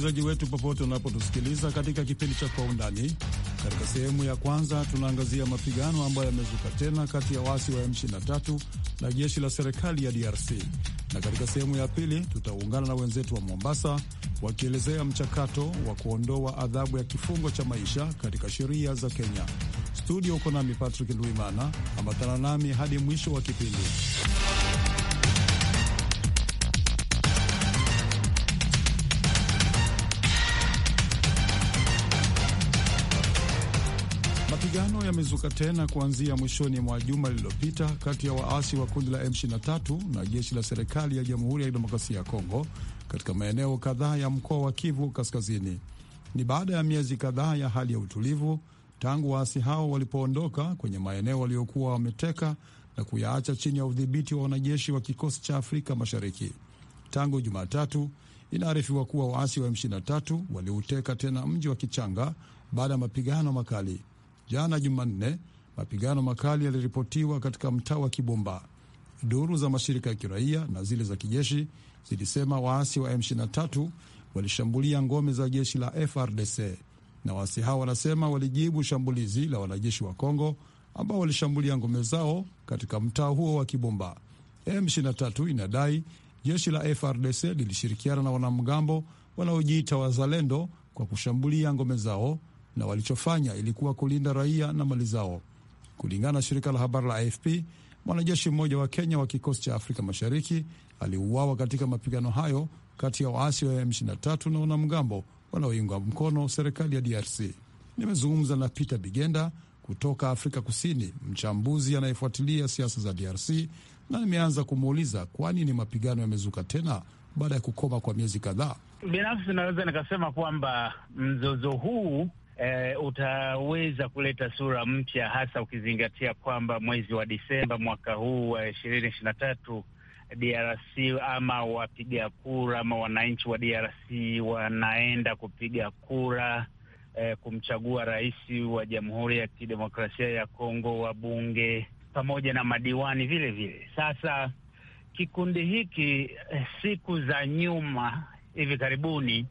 msikilizaji wetu popote unapotusikiliza katika kipindi cha Kwa Undani. Katika sehemu ya kwanza, tunaangazia mapigano ambayo yamezuka tena kati ya waasi wa M23 na jeshi la serikali ya DRC, na katika sehemu ya pili tutaungana na wenzetu wa Mombasa wakielezea mchakato wa kuondoa adhabu ya kifungo cha maisha katika sheria za Kenya. Studio uko nami Patrick Ndwimana, ambatana nami hadi mwisho wa kipindi. yamezuka tena kuanzia mwishoni mwa juma lililopita kati ya waasi wa kundi la M23 na jeshi la serikali ya Jamhuri ya Demokrasia ya Kongo katika maeneo kadhaa ya mkoa wa Kivu Kaskazini. Ni baada ya miezi kadhaa ya hali ya utulivu tangu waasi hao walipoondoka kwenye maeneo waliokuwa wameteka na kuyaacha chini ya udhibiti wa wanajeshi wa kikosi cha Afrika Mashariki. Tangu Jumatatu inaarifiwa kuwa waasi wa M23 waliuteka tena mji wa Kichanga baada ya mapigano makali. Jana Jumanne, mapigano makali yaliripotiwa katika mtaa wa Kibomba. Duru za mashirika ya kiraia na zile za kijeshi zilisema waasi wa M23 walishambulia ngome za jeshi la FRDC na waasi hao wanasema walijibu shambulizi la wanajeshi wa Kongo ambao walishambulia ngome zao katika mtaa huo wa Kibomba. M23 inadai jeshi la FRDC lilishirikiana na wanamgambo wanaojiita wazalendo kwa kushambulia ngome zao na walichofanya ilikuwa kulinda raia na mali zao. Kulingana na shirika la habari la AFP, mwanajeshi mmoja wa Kenya wa kikosi cha Afrika Mashariki aliuawa katika mapigano hayo kati ya waasi wa M23 na wanamgambo wanaoiunga mkono serikali ya DRC. Nimezungumza na Peter Bigenda kutoka Afrika Kusini, mchambuzi anayefuatilia siasa za DRC, na nimeanza kumuuliza kwa nini mapigano yamezuka tena baada ya kukoma kwa miezi kadhaa. Binafsi naweza nikasema kwamba mzozo huu e, utaweza kuleta sura mpya, hasa ukizingatia kwamba mwezi wa Disemba mwaka huu wa ishirini ishirini na tatu DRC ama wapiga kura ama wananchi wa DRC wanaenda kupiga kura e, kumchagua rais wa Jamhuri ya Kidemokrasia ya Kongo, wabunge pamoja na madiwani vile vile. Sasa kikundi hiki eh, siku za nyuma hivi karibuni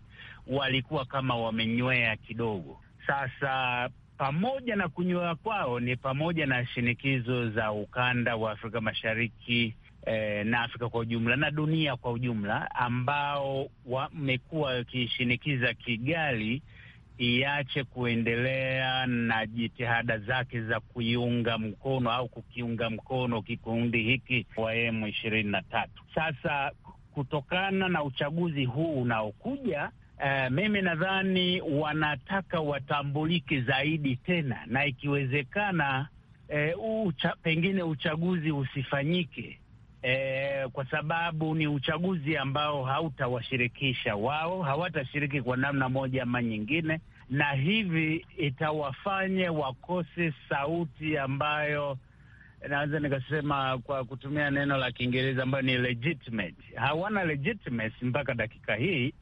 walikuwa kama wamenywea kidogo, sasa pamoja na kunywea kwao ni pamoja na shinikizo za ukanda wa Afrika Mashariki eh, na Afrika kwa ujumla na dunia kwa ujumla, ambao wamekuwa wakishinikiza Kigali iache kuendelea na jitihada zake za kuiunga mkono au kukiunga mkono kikundi hiki wa M ishirini na tatu. Sasa kutokana na uchaguzi huu unaokuja Uh, mimi nadhani wanataka watambulike zaidi tena, na ikiwezekana uh, ucha, pengine uchaguzi usifanyike uh, kwa sababu ni uchaguzi ambao hautawashirikisha wao, hawatashiriki kwa namna moja ama nyingine, na hivi itawafanye wakose sauti ambayo naweza nikasema kwa kutumia neno la Kiingereza ambayo ni legitimate. Hawana legitimacy mpaka dakika hii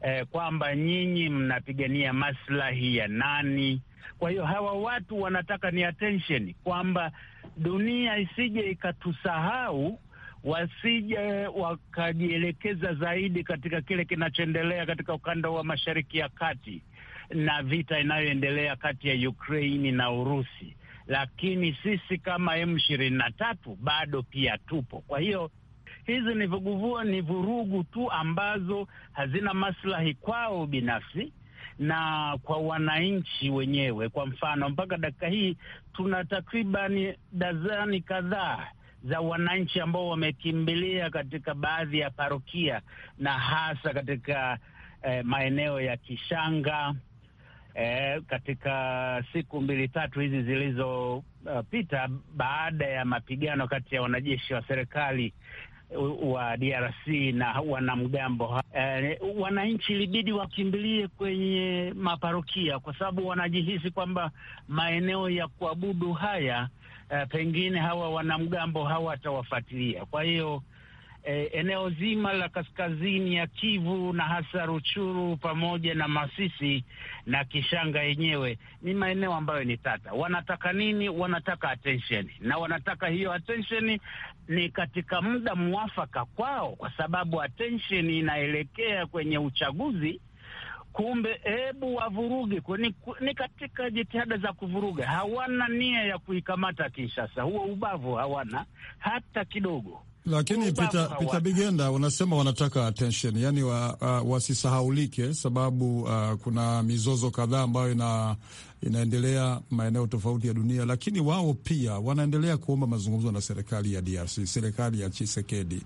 eh, kwamba nyinyi mnapigania maslahi ya nani? Kwa hiyo hawa watu wanataka ni attention kwamba dunia isije ikatusahau, wasije wakajielekeza zaidi katika kile kinachoendelea katika ukanda wa Mashariki ya Kati na vita inayoendelea kati ya Ukraini na Urusi, lakini sisi kama M ishirini na tatu bado pia tupo. Kwa hiyo hizi ni vuguvua, ni vurugu tu ambazo hazina maslahi kwao binafsi na kwa wananchi wenyewe. Kwa mfano, mpaka dakika hii tuna takribani dazani kadhaa za wananchi ambao wamekimbilia katika baadhi ya parokia na hasa katika eh, maeneo ya Kishanga. Eh, katika siku mbili tatu hizi zilizopita, uh, baada ya mapigano kati ya wanajeshi wa serikali wa DRC na wanamgambo eh, wananchi ilibidi wakimbilie kwenye maparokia kwa sababu wanajihisi kwamba maeneo ya kuabudu haya eh, pengine hawa wanamgambo hawatawafuatilia. Kwa hiyo e, eneo zima la kaskazini ya Kivu na hasa Ruchuru pamoja na Masisi na Kishanga yenyewe ni maeneo ambayo ni tata. Wanataka nini? Wanataka attention, na wanataka hiyo attention ni katika muda mwafaka kwao, kwa sababu attention inaelekea kwenye uchaguzi. Kumbe hebu wavuruge ni, ni katika jitihada za kuvuruga. Hawana nia ya kuikamata Kinshasa, huo ubavu hawana hata kidogo. Lakini pita Pita Bigenda unasema wanataka attention, yani wa, uh, wasisahaulike, sababu uh, kuna mizozo kadhaa ambayo ina, inaendelea maeneo tofauti ya dunia, lakini wao pia wanaendelea kuomba mazungumzo na serikali ya DRC, serikali ya Chisekedi,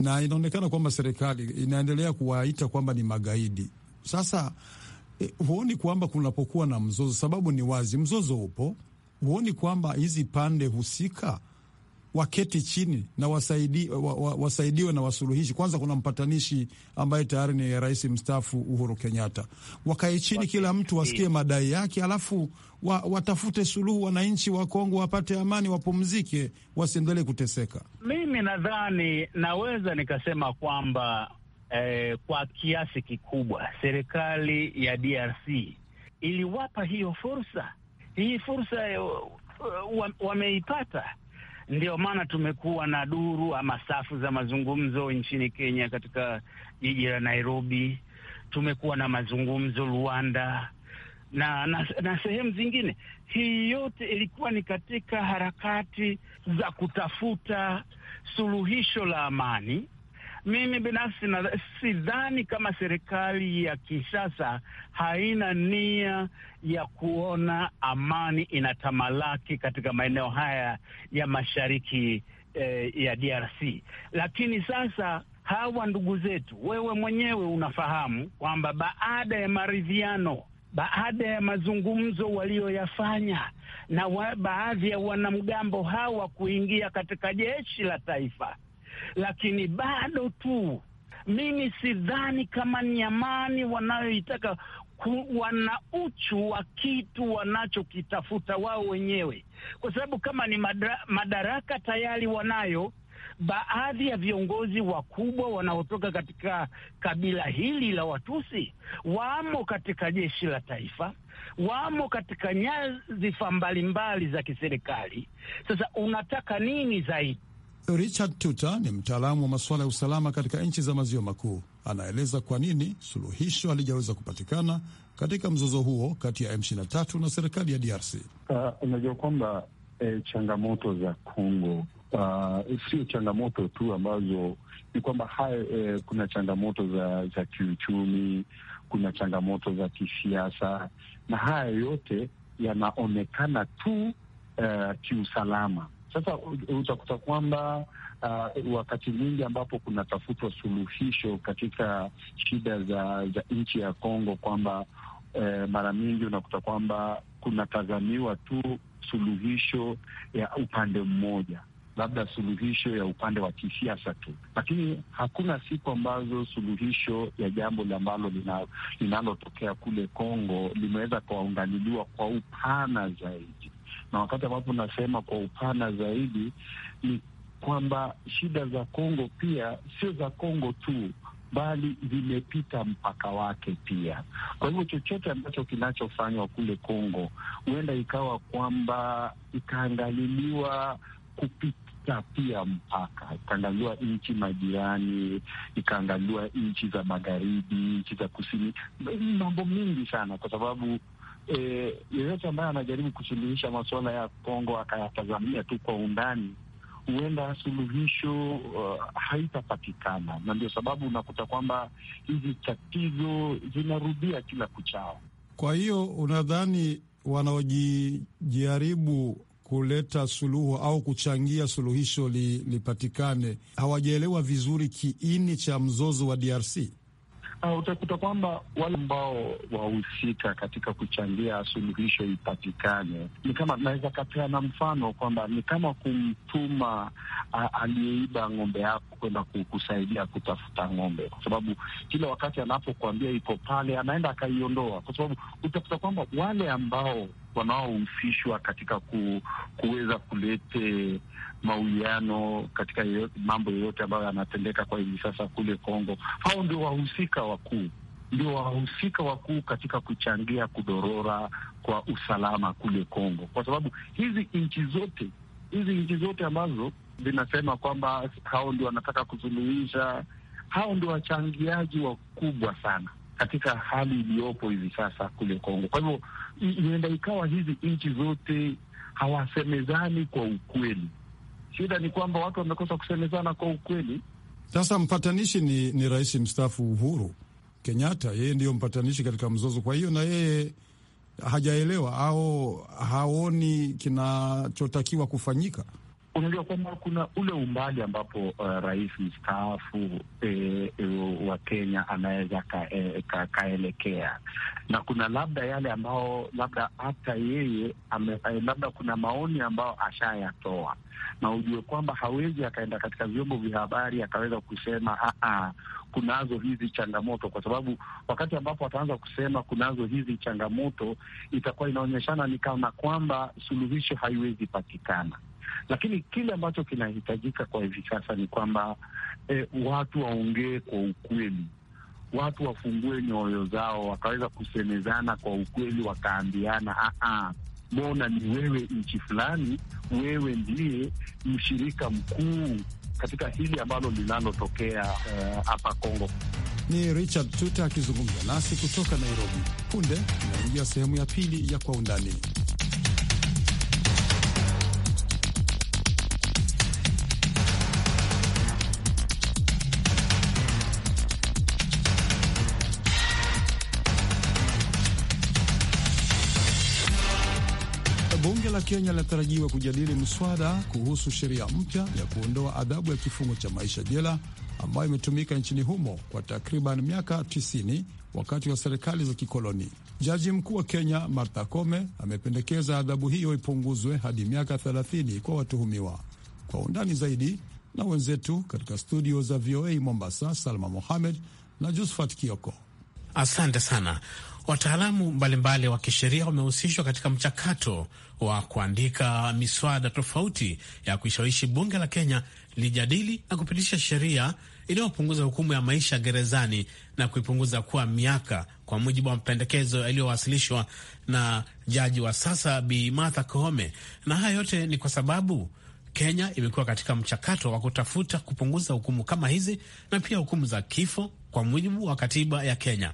na inaonekana kwamba serikali inaendelea kuwaita kwamba ni magaidi. Sasa eh, huoni kwamba kunapokuwa na mzozo, sababu ni wazi mzozo upo, huoni kwamba hizi pande husika waketi chini na wasaidi, wa, wa, wasaidiwe na wasuluhishi. Kwanza kuna mpatanishi ambaye tayari ni rais mstaafu Uhuru Kenyatta, wakae chini, kila mtu wasikie madai yake, alafu wa, watafute suluhu, wananchi wa Kongo wapate amani, wapumzike, wasiendelee kuteseka. Mimi nadhani naweza nikasema kwamba eh, kwa kiasi kikubwa serikali ya DRC iliwapa hiyo fursa, hii fursa eh, wameipata wa ndio maana tumekuwa na duru ama safu za mazungumzo nchini Kenya, katika jiji la Nairobi. Tumekuwa na mazungumzo Luanda na, na, na sehemu zingine. Hii yote ilikuwa ni katika harakati za kutafuta suluhisho la amani mimi binafsi sidhani kama serikali ya kisasa haina nia ya kuona amani inatamalaki katika maeneo haya ya mashariki eh, ya DRC. Lakini sasa hawa ndugu zetu, wewe mwenyewe unafahamu kwamba baada ya maridhiano, baada ya mazungumzo walioyafanya na wa, baadhi ya wanamgambo hawa kuingia katika jeshi la taifa lakini bado tu mimi sidhani kama ni amani wanayoitaka wana uchu wa kitu wanachokitafuta wao wenyewe, kwa sababu kama ni madra, madaraka tayari wanayo. Baadhi ya viongozi wakubwa wanaotoka katika kabila hili la Watusi wamo katika jeshi la taifa, wamo katika nyadhifa mbalimbali za kiserikali. Sasa unataka nini zaidi? Richard Tuta ni mtaalamu wa masuala ya usalama katika nchi za maziwa makuu. Anaeleza kwa nini suluhisho halijaweza kupatikana katika mzozo huo kati ya M23 na serikali ya DRC. Ah, unajua kwamba eh, changamoto za Kongo uh, sio changamoto tu ambazo ni kwamba hayo eh, kuna changamoto za, za kiuchumi, kuna changamoto za kisiasa, na haya yote yanaonekana tu uh, kiusalama sasa utakuta kwamba uh, wakati mwingi ambapo kunatafutwa suluhisho katika shida za, za nchi ya Kongo kwamba eh, mara mingi unakuta kwamba kunatazamiwa tu suluhisho ya upande mmoja labda suluhisho ya upande wa kisiasa tu, lakini hakuna siku ambazo suluhisho ya jambo ambalo linalotokea kule Kongo limeweza kuwaunganiliwa kwa upana zaidi na wakati ambapo nasema kwa upana zaidi ni kwamba shida za Kongo pia sio za Kongo tu bali zimepita mpaka wake pia. Kwa hivyo chochote ambacho kinachofanywa kule Kongo huenda ikawa kwamba ikaangaliliwa kupita pia mpaka, ikaangaliwa nchi majirani, ikaangaliwa nchi za magharibi, nchi za kusini, mambo mengi sana, kwa sababu e, yeyote ambaye anajaribu kusuluhisha masuala ya Kongo akayatazamia tu kwa undani, huenda suluhisho uh, haitapatikana, na ndio sababu unakuta kwamba hizi tatizo zinarudia kila kuchao. Kwa hiyo unadhani wanaojijaribu kuleta suluhu au kuchangia suluhisho li, lipatikane hawajaelewa vizuri kiini cha mzozo wa DRC? Uh, utakuta kwamba wale ambao wahusika katika kuchangia suluhisho ipatikane ni kama, naweza kapeana mfano kwamba ni kama kumtuma aliyeiba ng'ombe yako kwenda kusaidia kutafuta ng'ombe, kwa sababu kila wakati anapokuambia iko pale, anaenda akaiondoa, kwa sababu utakuta kwamba wale ambao wanaohusishwa katika ku, kuweza kulete mauiano katika mambo yoyote ambayo yanatendeka kwa hivi sasa kule Kongo. Hao ndio wahusika wakuu, ndio wahusika wakuu katika kuchangia kudorora kwa usalama kule Kongo, kwa sababu hizi nchi zote hizi nchi zote ambazo zinasema kwamba hao ndio wanataka kusuluhisha, hao ndio wachangiaji wakubwa sana katika hali iliyopo hivi sasa kule Kongo. Kwa hivyo, inaenda ikawa hizi nchi zote hawasemezani kwa ukweli Shida ni kwamba watu wamekosa kusemezana kwa ukweli. Sasa mpatanishi ni, ni rais mstaafu Uhuru Kenyatta, yeye ndiyo mpatanishi katika mzozo. Kwa hiyo na yeye hajaelewa au haoni kinachotakiwa kufanyika unajua kwamba kuna ule umbali ambapo uh, rais mstaafu e, e, wa Kenya anaweza kaelekea ka, na kuna labda yale ambao labda hata yeye ame, labda kuna maoni ambayo ashayatoa, na ujue kwamba hawezi akaenda katika vyombo vya habari akaweza kusema aa, ah, ah, kunazo hizi changamoto, kwa sababu wakati ambapo ataanza kusema kunazo hizi changamoto itakuwa inaonyeshana ni kama kwamba suluhisho haiwezi patikana. Lakini kile ambacho kinahitajika kwa hivi sasa ni kwamba eh, watu waongee kwa ukweli, watu wafungue nyoyo zao, wakaweza kusemezana kwa ukweli, wakaambiana ah -ah. Mbona ni wewe nchi fulani, wewe ndiye mshirika mkuu katika hili ambalo linalotokea eh, hapa uh, Kongo. Ni Richard tute akizungumza nasi kutoka Nairobi. Punde tunaingia sehemu ya pili ya Kwa Undani. Kenya linatarajiwa kujadili mswada kuhusu sheria mpya ya kuondoa adhabu ya kifungo cha maisha jela ambayo imetumika nchini humo kwa takriban miaka 90 wakati wa serikali za kikoloni. Jaji mkuu wa Kenya Martha Koome amependekeza adhabu hiyo ipunguzwe hadi miaka 30 kwa watuhumiwa. Kwa undani zaidi na wenzetu katika studio za VOA Mombasa, Salma Mohamed na Josephat Kioko. Asante sana. Wataalamu mbalimbali wa kisheria wamehusishwa katika mchakato wa kuandika miswada tofauti ya kuishawishi bunge la Kenya lijadili na kupitisha sheria inayopunguza hukumu ya maisha gerezani na kuipunguza kuwa miaka, kwa mujibu wa mapendekezo yaliyowasilishwa na jaji wa sasa Bi Martha Koome. Na haya yote ni kwa sababu Kenya imekuwa katika mchakato wa kutafuta kupunguza hukumu kama hizi na pia hukumu za kifo kwa mujibu wa katiba ya Kenya.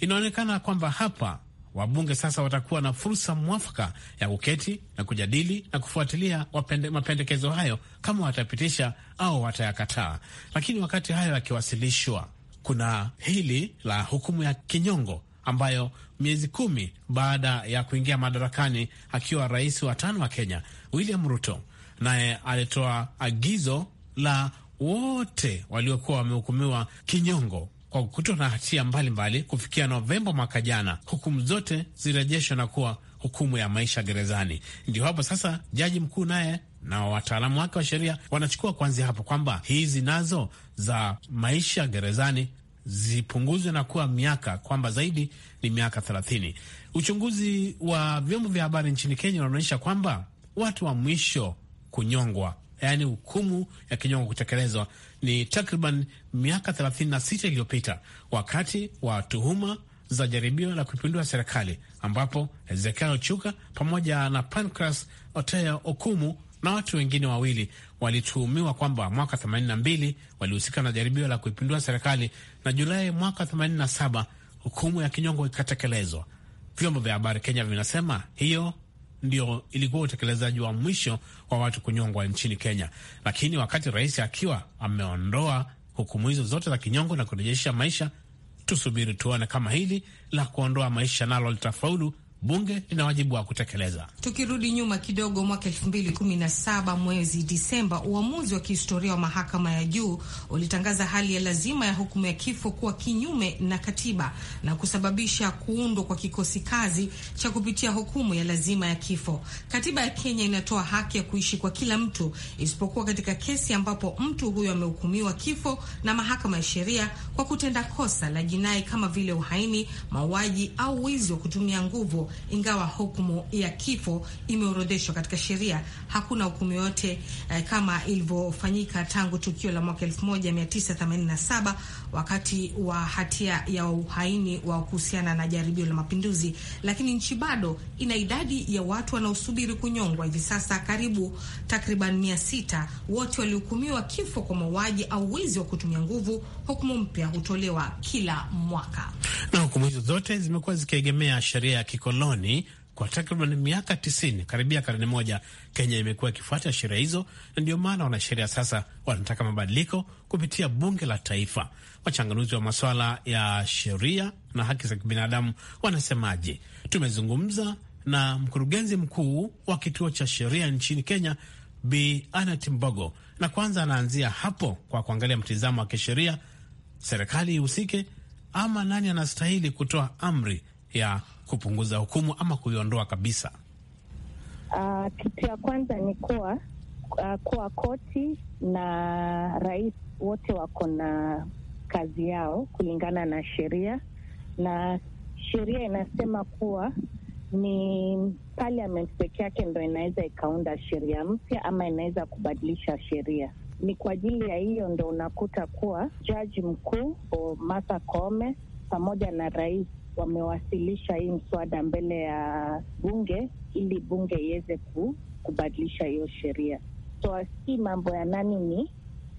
Inaonekana kwamba hapa wabunge sasa watakuwa na fursa mwafaka ya kuketi na kujadili na kufuatilia wapende, mapendekezo hayo kama watapitisha au watayakataa. Lakini wakati hayo yakiwasilishwa, kuna hili la hukumu ya kinyongo ambayo miezi kumi baada ya kuingia madarakani akiwa rais wa tano wa Kenya William Ruto, naye alitoa agizo la wote waliokuwa wamehukumiwa kinyongo kwa kukutwa na hatia mbalimbali kufikia Novemba mwaka jana, hukumu zote zirejeshwa na kuwa hukumu ya maisha gerezani. Ndio hapo sasa jaji mkuu naye na wataalamu wake wa sheria wanachukua kuanzia hapo kwamba hizi nazo za maisha gerezani zipunguzwe na kuwa miaka kwamba zaidi ni miaka thelathini. Uchunguzi wa vyombo vya habari nchini Kenya unaonyesha kwamba watu wa mwisho kunyongwa yaani hukumu ya kinyongo kutekelezwa ni takriban miaka 36 iliyopita wakati wa tuhuma za jaribio la kuipindua serikali ambapo Ezekiel Ochuka pamoja na Pancras Otea Okumu na watu wengine wawili walituhumiwa kwamba mwaka 82 walihusika na jaribio la kuipindua serikali, na Julai mwaka 87 hukumu ya kinyongo ikatekelezwa. Vyombo vya habari Kenya vinasema hiyo ndio ilikuwa utekelezaji wa mwisho wa watu kunyongwa nchini Kenya. Lakini wakati rais akiwa ameondoa hukumu hizo zote za kinyongo na kurejesha maisha, tusubiri tuone kama hili la kuondoa maisha nalo litafaulu bunge lina wajibu wa kutekeleza. Tukirudi nyuma kidogo, mwaka saba mwezi Disemba, uamuzi wa kihistoria wa mahakama ya juu ulitangaza hali ya lazima ya hukumu ya kifo kuwa kinyume na katiba na kusababisha kuundwa kwa kikosi kazi cha kupitia hukumu ya lazima ya kifo. Katiba ya Kenya inatoa haki ya kuishi kwa kila mtu isipokuwa katika kesi ambapo mtu huyo amehukumiwa kifo na mahakama ya sheria kwa kutenda kosa la jinai kama vile uhaini, mauaji au wizi wa kutumia nguvu ingawa hukumu ya kifo imeorodheshwa katika sheria, hakuna hukumu yoyote eh, kama ilivyofanyika tangu tukio la mwaka 1987 wakati wa hatia ya uhaini wa kuhusiana na jaribio la mapinduzi. Lakini nchi bado ina idadi ya watu wanaosubiri kunyongwa hivi sasa, karibu takriban 600, wote walihukumiwa kifo kwa mauaji au wizi wa kutumia nguvu. Hukumu mpya hutolewa kila mwaka na hukumu hizo zote zimekuwa zikiegemea sheria ya kikolo ukoloni kwa takriban miaka tisini, karibia karne moja, Kenya imekuwa ikifuata sheria hizo, na ndio maana wanasheria sasa wanataka mabadiliko kupitia bunge la taifa. Wachanganuzi wa masuala ya sheria na haki za kibinadamu wanasemaje? Tumezungumza na mkurugenzi mkuu wa kituo cha sheria nchini Kenya, Bi Anet Mbogo, na kwanza anaanzia hapo kwa kuangalia mtizamo wa kisheria, serikali ihusike ama nani anastahili kutoa amri ya kupunguza hukumu ama kuiondoa kabisa? Uh, kitu ya kwanza ni kuwa uh, kuwa koti na rais wote wako na kazi yao kulingana na sheria, na sheria inasema kuwa ni parliament peke yake ndo inaweza ikaunda sheria mpya ama inaweza kubadilisha sheria. Ni kwa ajili ya hiyo ndo unakuta kuwa jaji mkuu Martha Koome pamoja na rais wamewasilisha hii mswada mbele ya bunge ili bunge iweze kubadilisha hiyo sheria. So si mambo ya nani ni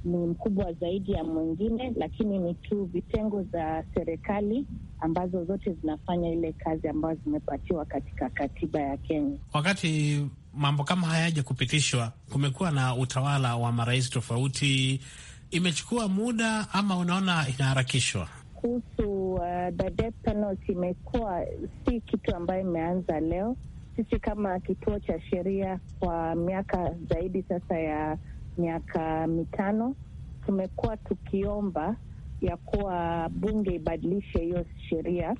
ni mkubwa zaidi ya mwingine, lakini ni tu vitengo za serikali ambazo zote zinafanya ile kazi ambazo zimepatiwa katika katiba ya Kenya. Wakati mambo kama hayaja kupitishwa, kumekuwa na utawala wa marais tofauti. Imechukua muda ama unaona inaharakishwa? kuhusu uh, the death penalty imekuwa si kitu ambayo imeanza leo. Sisi kama kituo cha sheria kwa miaka zaidi sasa ya miaka mitano tumekuwa tukiomba ya kuwa bunge ibadilishe hiyo sheria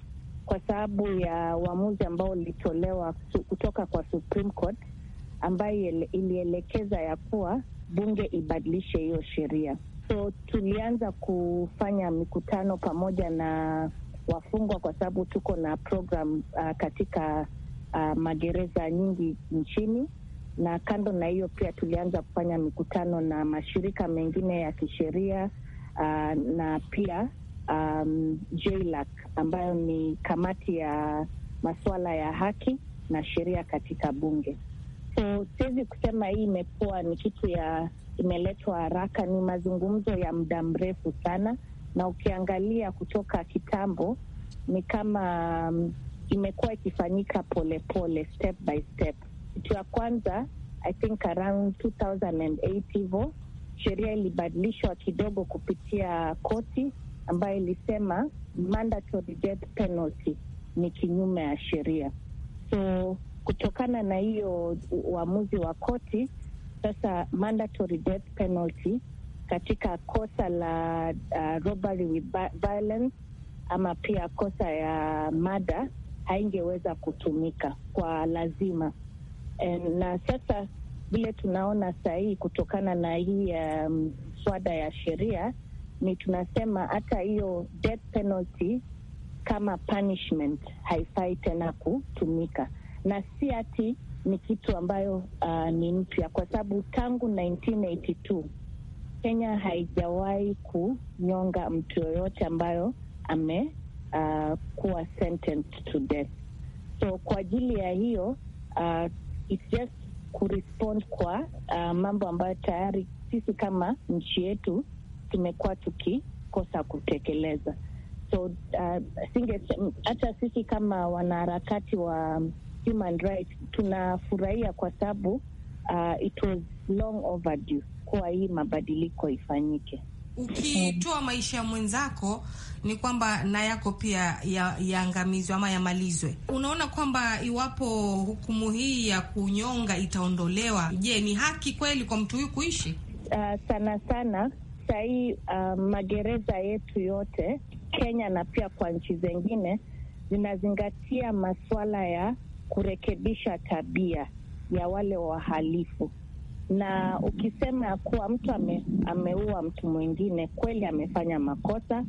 kwa sababu ya uamuzi ambao ulitolewa kutoka kwa Supreme Court ambayo ilielekeza ya kuwa bunge ibadilishe hiyo sheria. So tulianza kufanya mikutano pamoja na wafungwa kwa sababu tuko na program uh, katika uh, magereza nyingi nchini, na kando na hiyo pia tulianza kufanya mikutano na mashirika mengine ya kisheria uh, na pia um, JLAC ambayo ni kamati ya masuala ya haki na sheria katika bunge. So siwezi kusema hii imekuwa ni kitu ya imeletwa haraka, ni mazungumzo ya muda mrefu sana, na ukiangalia kutoka kitambo ni kama um, imekuwa ikifanyika polepole, step by step. Kitu ya kwanza I think around 2008 sheria ilibadilishwa kidogo kupitia koti ambayo ilisema mandatory death penalty ni kinyume ya sheria. So kutokana na hiyo uamuzi wa koti sasa mandatory death penalty katika kosa la uh, robbery with violence ama pia kosa ya mada haingeweza kutumika kwa lazima. And, na sasa vile tunaona sahihi kutokana na hii mswada um, ya sheria ni tunasema hata hiyo death penalty kama punishment haifai tena kutumika, na si ati ni kitu ambayo uh, ni mpya kwa sababu tangu 1982 Kenya haijawahi kunyonga mtu yoyote ambayo amekuwa uh, sentenced to death. So kwa ajili ya hiyo uh, it's just kurespond kwa uh, mambo ambayo tayari sisi kama nchi yetu tumekuwa tukikosa kutekeleza. So uh, hata sisi kama wanaharakati wa human rights tunafurahia kwa sababu uh, it was long overdue kuwa hii mabadiliko ifanyike. Ukitoa maisha ya mwenzako ni kwamba na yako pia yaangamizwe ya ama yamalizwe. Unaona kwamba iwapo hukumu hii ya kunyonga itaondolewa, je, ni haki kweli kwa mtu huyu kuishi? Uh, sana sana sahii uh, magereza yetu yote Kenya na pia kwa nchi zengine zinazingatia maswala ya kurekebisha tabia ya wale wahalifu. Na ukisema ya kuwa mtu ame, ameua mtu mwingine, kweli amefanya makosa,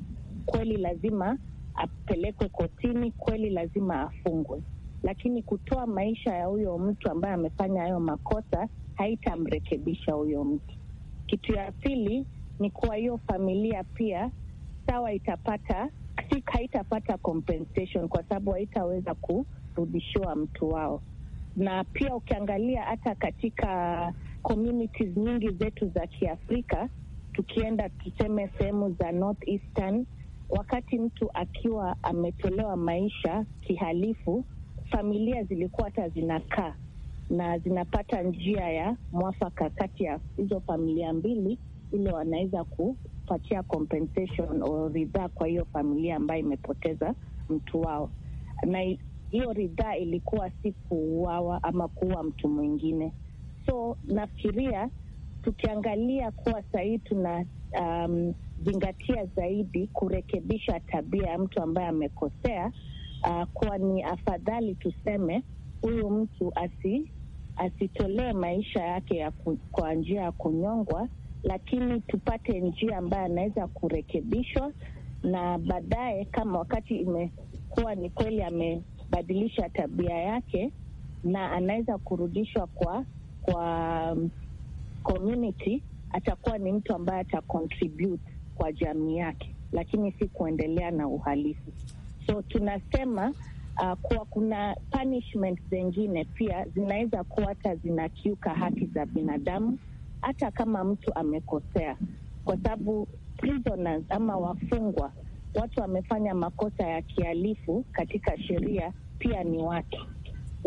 kweli lazima apelekwe kotini, kweli lazima afungwe, lakini kutoa maisha ya huyo mtu ambaye amefanya hayo makosa haitamrekebisha huyo mtu. Kitu ya pili ni kuwa hiyo familia pia sawa, itapata haitapata compensation kwa sababu haitaweza ku kurudishiwa mtu wao. Na pia ukiangalia hata katika communities nyingi zetu za Kiafrika, tukienda tuseme sehemu za Eastern, wakati mtu akiwa ametolewa maisha kihalifu, familia zilikuwa hata zinakaa na zinapata njia ya mwafaka kati ya hizo familia mbili, ile wanaweza kupatia compensation au ridhaa kwa hiyo familia ambayo imepoteza mtu wao. Na hiyo ridhaa ilikuwa si kuuawa ama kuua mtu mwingine. So nafikiria tukiangalia kuwa sahii tuna um, zingatia zaidi kurekebisha tabia ya mtu ambaye amekosea, uh, kuwa ni afadhali tuseme huyu mtu asi asitolee maisha yake ya ku, kwa njia ya kunyongwa, lakini tupate njia ambayo anaweza kurekebishwa na baadaye, kama wakati imekuwa ni kweli ame badilisha tabia yake na anaweza kurudishwa kwa kwa um, community, atakuwa ni mtu ambaye atacontribute kwa jamii yake, lakini si kuendelea na uhalifu. So tunasema uh, kuwa kuna punishment zengine pia zinaweza kuwa hata zinakiuka haki za binadamu, hata kama mtu amekosea, kwa sababu prisoners ama wafungwa watu wamefanya makosa ya kihalifu katika sheria pia ni watu,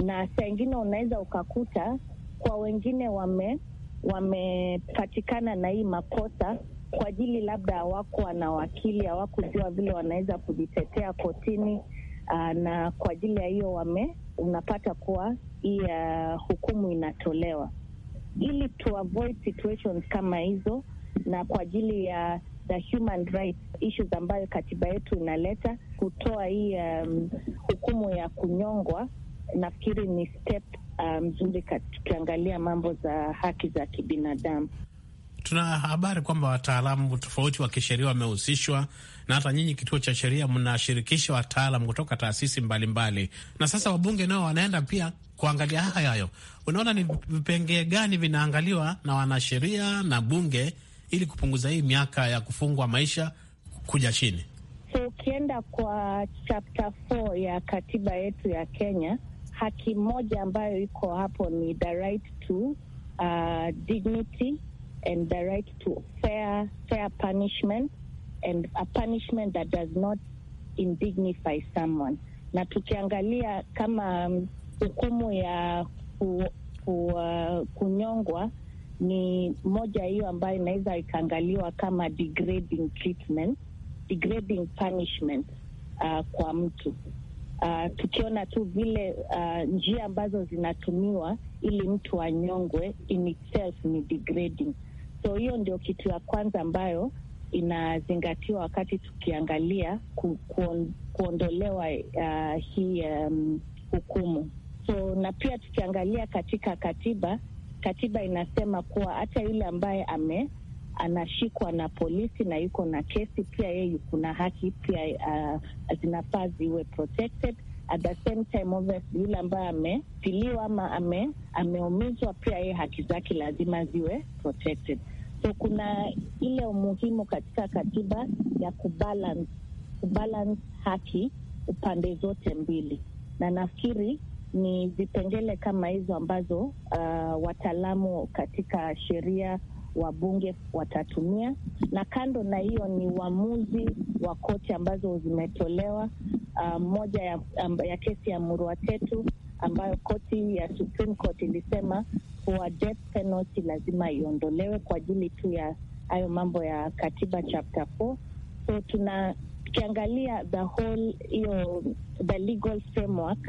na saa ingine unaweza ukakuta kwa wengine wame wamepatikana na hii makosa kwa ajili labda hawakuwa wana wakili, hawakujua vile wanaweza kujitetea kotini. Aa, ah, na kwa ajili ya hiyo wame unapata kuwa hii ah, hukumu inatolewa ili tu avoid situations kama hizo, na kwa ajili ya za human rights issues ambayo katiba yetu inaleta kutoa hii um, hukumu ya kunyongwa, nafikiri ni step mzuri um, tukiangalia mambo za haki za kibinadamu. Tuna habari kwamba wataalamu tofauti wa kisheria wamehusishwa na hata nyinyi kituo cha sheria mnashirikisha wataalam kutoka taasisi mbalimbali mbali. Na sasa wabunge nao wanaenda pia kuangalia haya hayo. Unaona ni vipengee gani vinaangaliwa na wanasheria na bunge ili kupunguza hii miaka ya kufungwa maisha kuja chini? So ukienda kwa chapter 4 ya katiba yetu ya Kenya, haki moja ambayo iko hapo ni the right to uh, dignity and the right to fair, fair punishment and a punishment that does not indignify someone. Na tukiangalia kama um, hukumu ya ku, ku, uh, kunyongwa ni moja hiyo ambayo inaweza ikaangaliwa kama degrading treatment, degrading punishment uh, kwa mtu uh, tukiona tu vile uh, njia ambazo zinatumiwa ili mtu anyongwe in itself ni degrading. So hiyo ndio kitu ya kwanza ambayo inazingatiwa wakati tukiangalia ku, kuon, kuondolewa uh, hii um, hukumu. So na pia tukiangalia katika katiba katiba inasema kuwa hata yule ambaye ame anashikwa na polisi na yuko na kesi pia yeye kuna haki pia uh, zinafaa ziwe protected at the same time obviously yule ambaye amefiliwa ama ame, ameumizwa pia yeye haki zake lazima ziwe protected so kuna ile umuhimu katika katiba ya kubalance, kubalance haki upande zote mbili na nafikiri ni vipengele kama hizo ambazo uh, wataalamu katika sheria wa bunge watatumia, na kando na hiyo ni uamuzi wa koti ambazo zimetolewa. Uh, moja ya, um, ya kesi ya Muruatetu ambayo koti ya Supreme Court ilisema kuwa death penalty lazima iondolewe kwa ajili tu ya hayo mambo ya katiba chapter 4. So tuna tukiangalia the whole hiyo the legal framework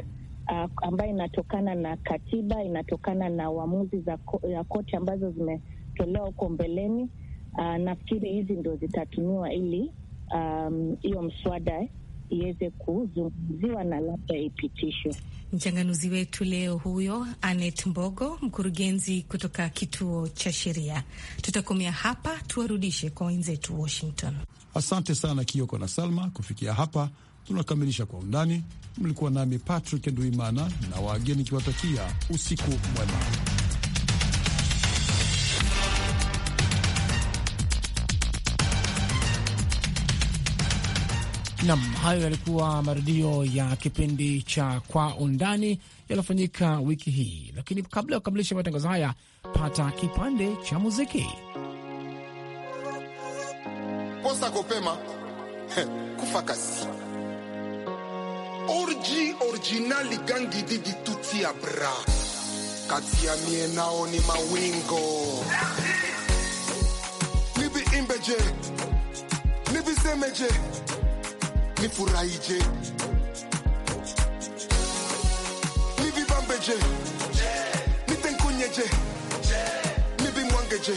uh, ambayo inatokana na katiba, inatokana na uamuzi za ya koti ambazo zimetolewa huko mbeleni. Uh, nafikiri hizi ndo zitatumiwa ili um, hiyo um, mswada iweze kuzungumziwa na labda ipitishwe. Mchanganuzi wetu leo huyo Anet Mbogo, mkurugenzi kutoka kituo cha sheria. Tutakomea hapa, tuwarudishe kwa wenzetu Washington. Asante sana Kioko na Salma. Kufikia hapa tunakamilisha kwa undani. Mlikuwa nami Patrick Nduimana na wageni kiwatakia usiku mwema. Nam, hayo yalikuwa marudio ya kipindi cha Kwa Undani yaliyofanyika wiki hii, lakini kabla ya kukamilisha matangazo haya, pata kipande cha muziki posta kopema kufa kasi orji originali gangi didi tutia abra kati ya mie nao ni mawingo nibi imbeje nibisemeje nifurahije nivibambeje nitenkunyeje nibimwangeje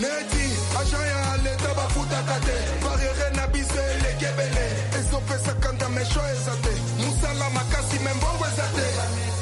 neti ashaya aleta bafuta kate parere na bise lekebele ezopesaka ndamesho eza te Musala makasi me mbongo eza te